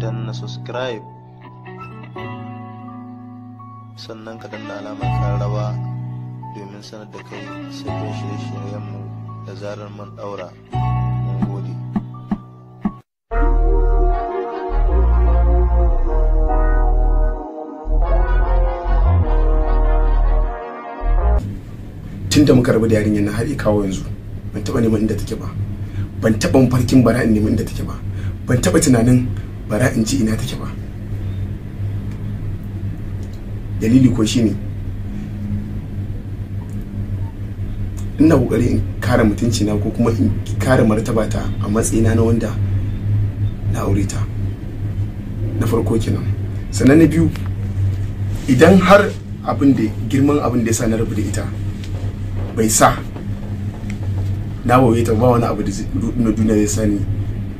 na subscribe sannan ka danna alamar kan rawa domin sanar da kai sabbin shirye-shiryenmu da zarar mun daura tunda tun da muka rabu da yarinyar na har kawo yanzu ban taba neman inda take ba ban taba mafarkin bara in neman inda take ba ban taba tunanin bara in ji ina take ba dalili ko shine ina kokari in kare mutunci na ko kuma in kare martaba ta a matsayina na wanda na aure ta na farko kenan sannan na biyu idan har abin da girman abin da ya sa na rabu da ita bai sa na waye ta ba wani abu da na duniya zai sani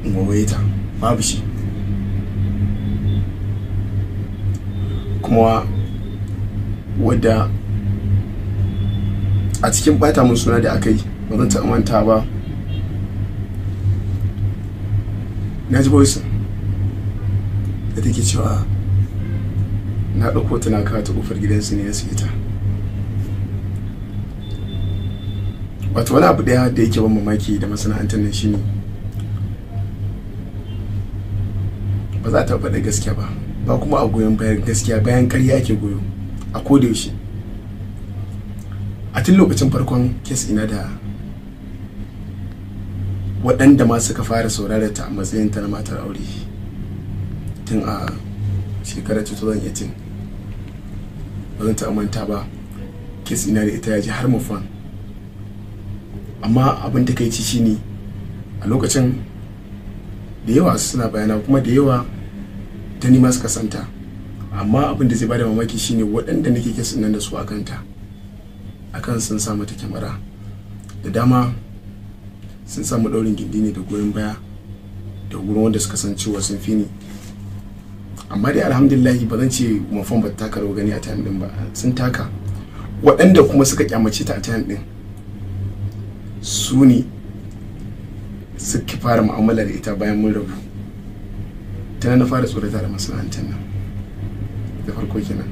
in wawaye ta babu shi kuma wadda a cikin bata mun suna da aka yi ba zan taɓa manta ba na ji da take cewa na ɗauko ta na kawo ta ƙofar gidansu ne na su ita wato wani abu ɗaya da yake ban mamaki da masana'antar nan shine ba za ta faɗa gaskiya ba ba kuma a goyon bayan gaskiya bayan karya ake goyo a koda yaushe a tun lokacin farkon kes ina da waɗanda ma suka fara saurara ta a matsayin ta na matar aure tun a shekarar 2018 ba zan ta manta ba kes ina da ita ya ji har mafan amma abin da kai ci shine a lokacin da yawa suna bayana kuma da yawa ta nima suka santa amma abin da zai bada mamaki shine waɗanda nake kesin nan da su a kanta akan sun sa mata kyamara da dama sun samu ɗaurin gindi ne da goyon baya da wurin wanda suka san cewa sun fi ni amma dai alhamdulillahi ba zan ce mafan ba taka rawar gani a time din ba sun taka waɗanda kuma suka kyamace ta a time din su ne suka fara mu'amala da ita bayan mun rabu tana na fara tsorata da masana'antar nan da farko kenan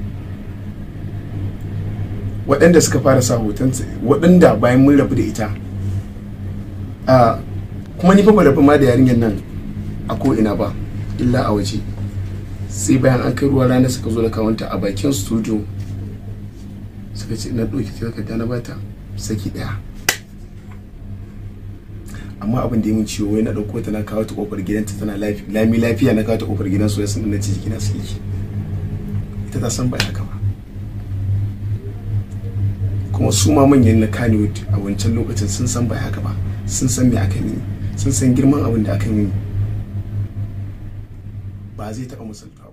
waɗanda suka fara sa hoton waɗanda bayan mun rabu da ita a kuma ni fa ba rabu ma da yarinyar nan a ko ina ba illa a waje sai bayan an kai ruwa rana suka zo da kawanta a bakin studio suka ce na ɗauki takarda na bata saki ɗaya amma abin da ya mun ciwo wai na dauko ta na kawo ta kofar gidanta tana lami lafiya na kawo ta kofar gidan su sun nace na suke ita ta san ba haka ba kuma su ma manyan na kanewood a wancan lokacin sun san ba haka ba sun san me aka yi sun san girman abin da aka yi ba zai taɓa musulta